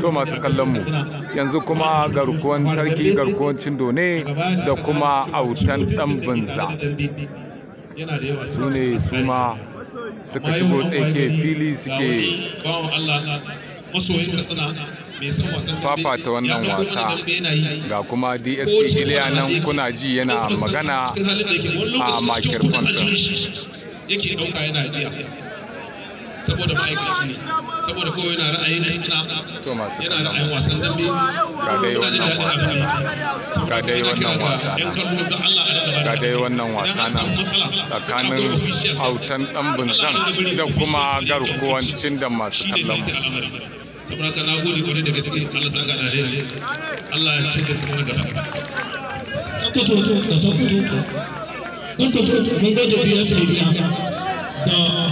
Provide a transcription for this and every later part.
To masu kallon mu yanzu kuma garkuwan sarki garkuwan cindo ne da kuma autan dan banza su ne su ma suka shigo tsake fili suke fafata wannan wasa ga kuma dsp iliya nan kuna ji yana magana a makirfon yake saboda ma'aikaci ne saboda kowa yana ra'ayin katsina yana ra'ayin wasan zambe ka dai wannan wasa ka dai wannan wasa ka dai wannan wasa na tsakanin autan dan bunzan da kuma garkuwancin da masu kallon mu. saboda ka na gode kwarai da gaske Allah saka na daidai Allah ya ce da kuma gaba sakuto da sakuto kun ka to mun gode biyar su da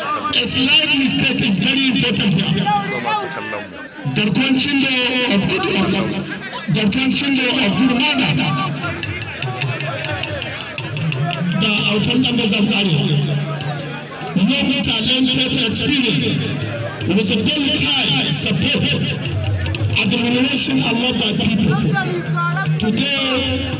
a slight mistake is very important here. The continuo of good order, the continuo of good order. The outcome of Zaria. No talented It was a very time support administration allowed by people. Today,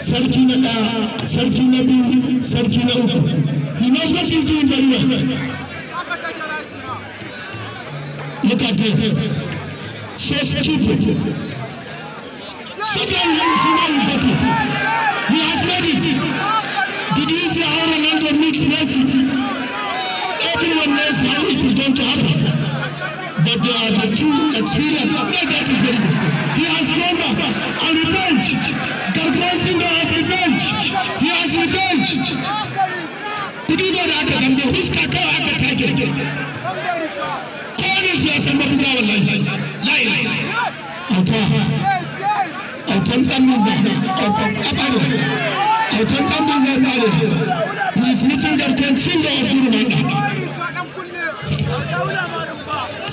sarki na ɗaya sarki na biyu sarki na uku he knows what he's doing very well look at it so stupid so can she get it he has made it did you see how Ronaldo meets Messi everyone knows how it is going to happen but they are the two experienced no that is very good he has gone back and revenge addressing He has revenge. da aka kawai aka su ya san mabuga wallahi.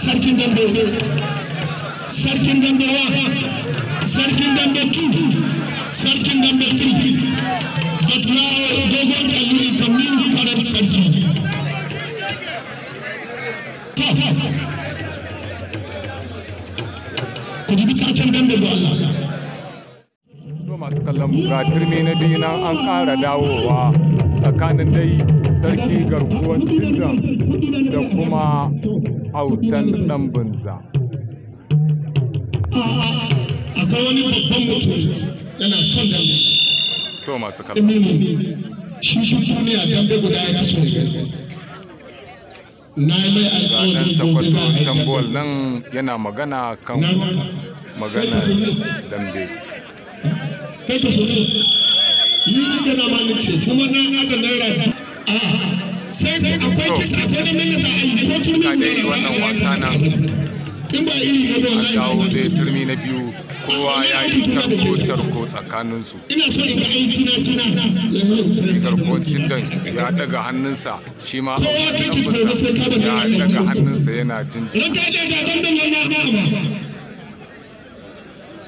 Sarkin dambe. Sarkin dambe wa. Sarkin dambe sarkin dambe turki but now dogon kalli is the new current ku dubi taken dambe da Allah masu kallon ga ne na an ƙara dawowa tsakanin dai sarki garkuwar cindan da kuma autan ɗan bunza akwai wani babban mutum yana son dambe to masu kallo shi shi duniya dambe guda ya kaso ne na yi mai alƙawarin sakwato tambol nan yana magana kan magana dambe kai ka so ni gana ma ni ce kuma na aka naira a sai akwai kisa akwai na nuna a yi ko turmi ne wannan wasa nan an dawo dai turmi na biyu kowa ya yi tarko tarko tsakaninsu garkocin dan ya daga hannunsa shi ma ya daga hannunsa yana jinjina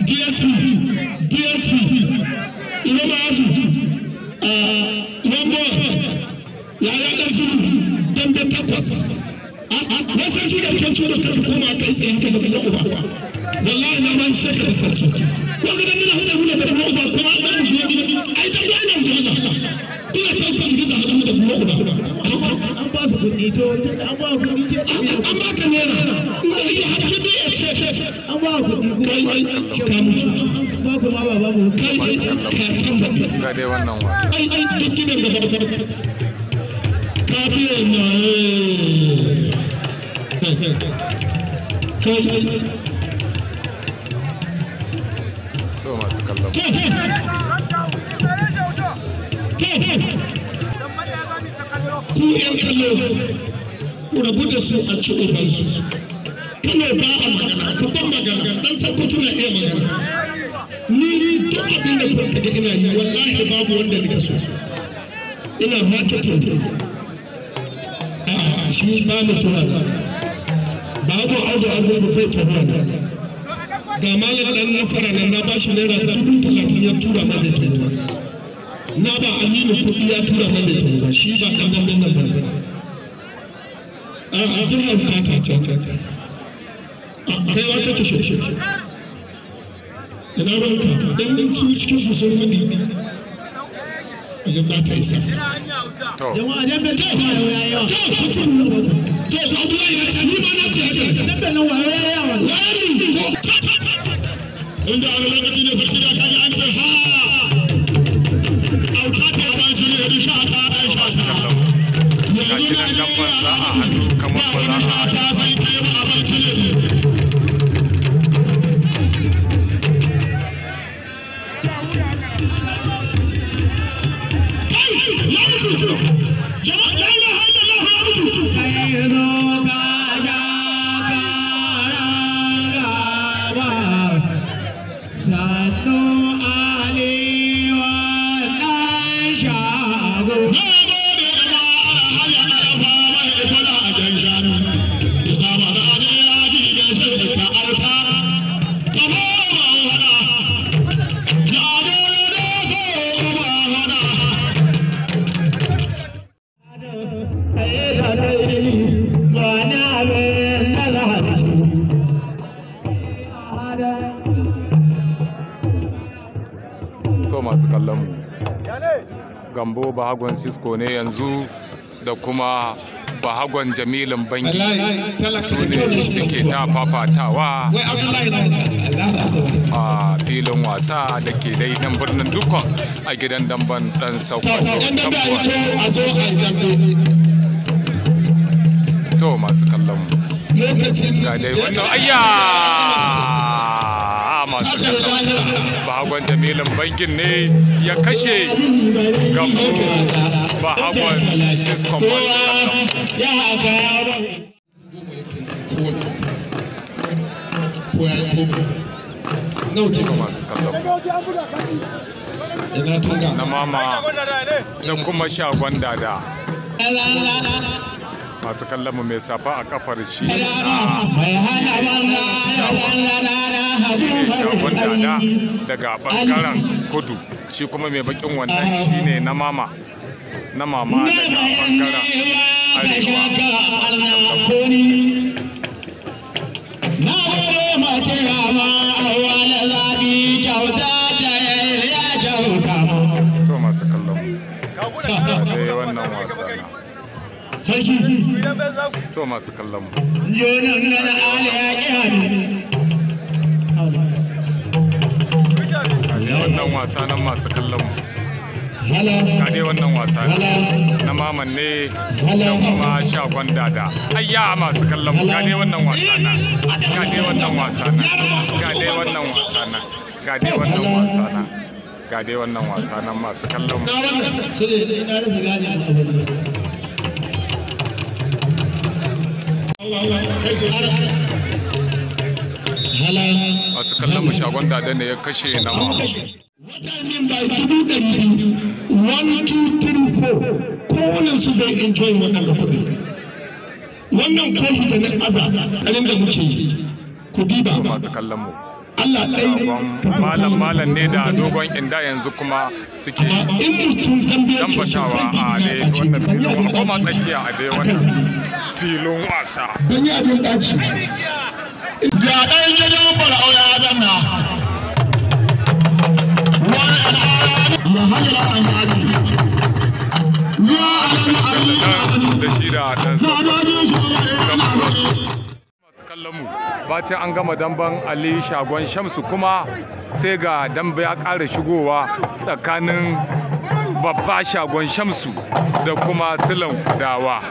DSP DSP ina ba su a ah, rambo ya ya dan su dambe takwas ah, ah, na sarki da kyan cuta ta koma kai tsaye haka da kuma uba wallahi na ban shekka da sarki wanda da muna huda huda da kuma uba kowa dan mu je ai dan ba nan dole ina ta kan kuma an an an ce an ba ku kuɗi kai ne ka mutu ba ku ma mu kai ka tamba ga dai wannan ai ai da na kai to masu kallon ku yan kallo ku rabu da su a ci ne ba a magana ku magana dan sakkwato na iya magana ni duk abin da kun kaga ina yi wallahi babu wanda nika so ina marketing a shi ba mutuwa babu audu abubu bai tafiya da ga malam dan nasara nan na bashi naira dubu talatin ya tura ma bai tafiya na ba aminu kuɗi ya tura ma bai tafiya shi ba ɗan gwamnan nan ba ne a duk kai ya kake shi ina ranka dan su cikin su sun faɗi ta isa jama'a dan bai ta fara yawa to ba to abdullahi ya ce ni ma na ce dan bai nan wayo yawa wani inda a lokaci ne gambo bahagon Cisco ne yanzu da kuma bahagon jamilin bangi su ne suke ta fafatawa a filin wasa da ke dai nan birnin dukkan a gidan damban dan saukwato to masu kallon mu wannan ayya masu bahagon jamilin bankin ne ya kashe gambo bahagon siskon masu kallon na mama da kuma shagon dada masu kallon mu mai safa a kafar shi dada daga bangaren kudu shi kuma mai bakin wannan ne na mama na mama daga bangaren arewa sarki to masu kallon mu ya wannan wasa nan masu kallon mu dai wannan wasa na maman ne da kuma ayya masu kallon mu kade wannan wasa na wannan wasa na wannan wasa na wannan wasa na wannan wasa na masu kallon mu masu kallon mu shagon ne ya kashe na su zai enjoy waɗanda kuɗi wannan kofi da na yi ku diba masu malam malam ne da dogon inda yanzu kuma suke dambatawa a dai wannan tsakiya a dai wannan filin wasa don yi abin ga ɗan ya wani an kallonmu an gama damban ali shagon shamsu kuma sai ga dambe ya ƙara shigowa tsakanin babba shagon shamsu da kuma silan kudawa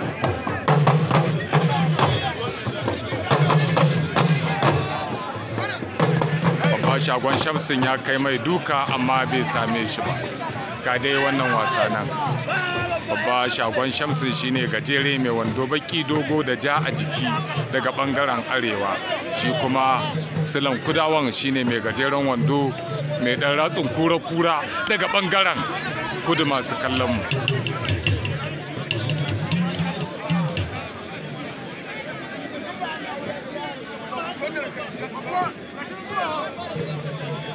a shagon shamsin ya kai mai duka amma bai same shi ba ga dai wannan wasa nan babba shagon shamsin shine gajere mai wando baki dogo da ja a jiki daga bangaren arewa shi kuma silan kudawan shine mai gajeren wando mai dan ratsin kura-kura daga bangaren kudu masu kallon mu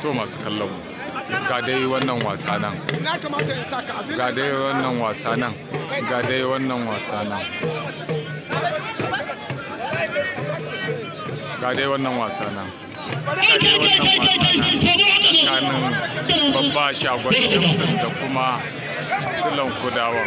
to masu kallon mu ga dai wannan wasa nan ga dai wannan wasa nan ga dai wannan wasa nan ga dai wannan wasa nan tsakanin babba shagon jimson da kuma silon kudawa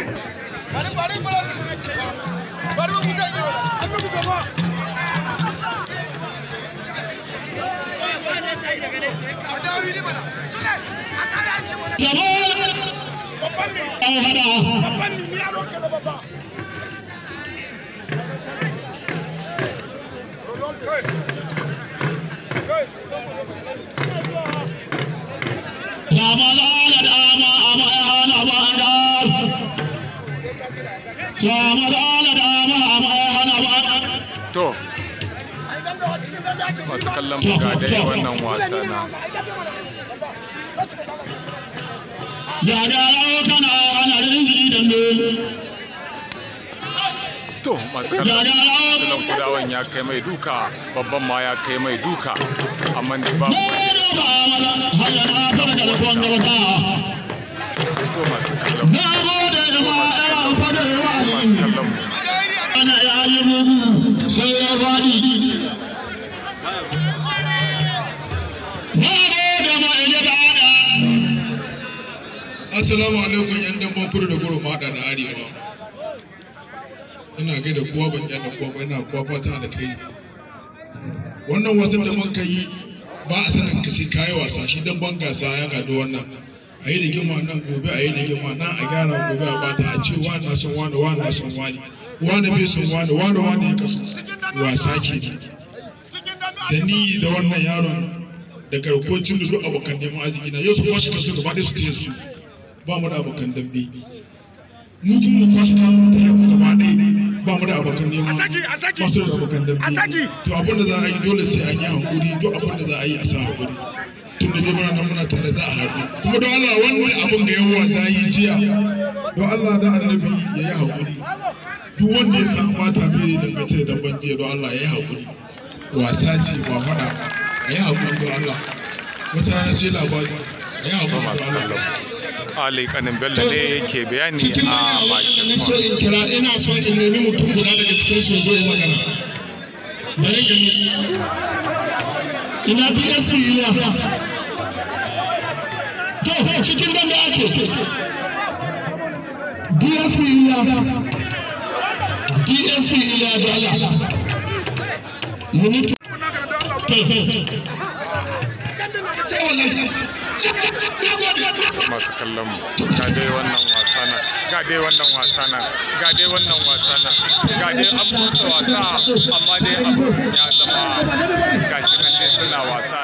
Yeah, masu kallon buga da yi wannan wasa na ana rinjiri to masu kallon kudawan ya kai mai duka babban ma ya kai mai duka amma da ba to masu kallon sai ya Assalamu alaikum yan damban kudu da guru fada da ari ba, Ina gaida kowa ban yana kowa ba ina kowa fata da kai. Wannan wasan da muka yi ba a sanin ka sai kayi wasa shi dan ban gasa ya gado wannan. A yi rigima nan gobe a yi rigima nan a gyara gobe a bata a ce wani na son wani wani na son wani wani bai son wani wani wani ya kasu wasa ke da ni da wannan yaron da garkuwar cin da duk abokan neman arziki na yau su kwashe kasu gaba da su taya su ba mu da abokan dambe mu kuma mu kwashe kasu ta yau gaba ɗaya ba mu da abokan neman ba su da abokan dambe to abin da za a yi dole sai an yi hankuri duk abin da za a yi a sa hankuri tun da dai nan muna tare za a haɗu kuma don Allah wani abin da yawa za yi jiya don Allah da annabi ya yi hankuri duk wanda ya sa mata mere dangantar da ban jiya don Allah ya yi hankuri wasa ce ba mana a yi haƙuri da Allah wata rana sai labari a yi haƙuri da Allah Ali Kanin Bello ne yake bayani a Cikin bakin so in kira ina so in nemi mutum guda daga cikin su zo magana bari gani ina PSP yiwa to cikin dan da ake DSP yiwa DSP yiwa da Allah munita masu kallon mu ga dai wannan wasa nan ga dai wannan wasa nan ga dai wannan wasa nan ga dai an musu wasa amma dai abun ya zama gashi nan dai suna wasa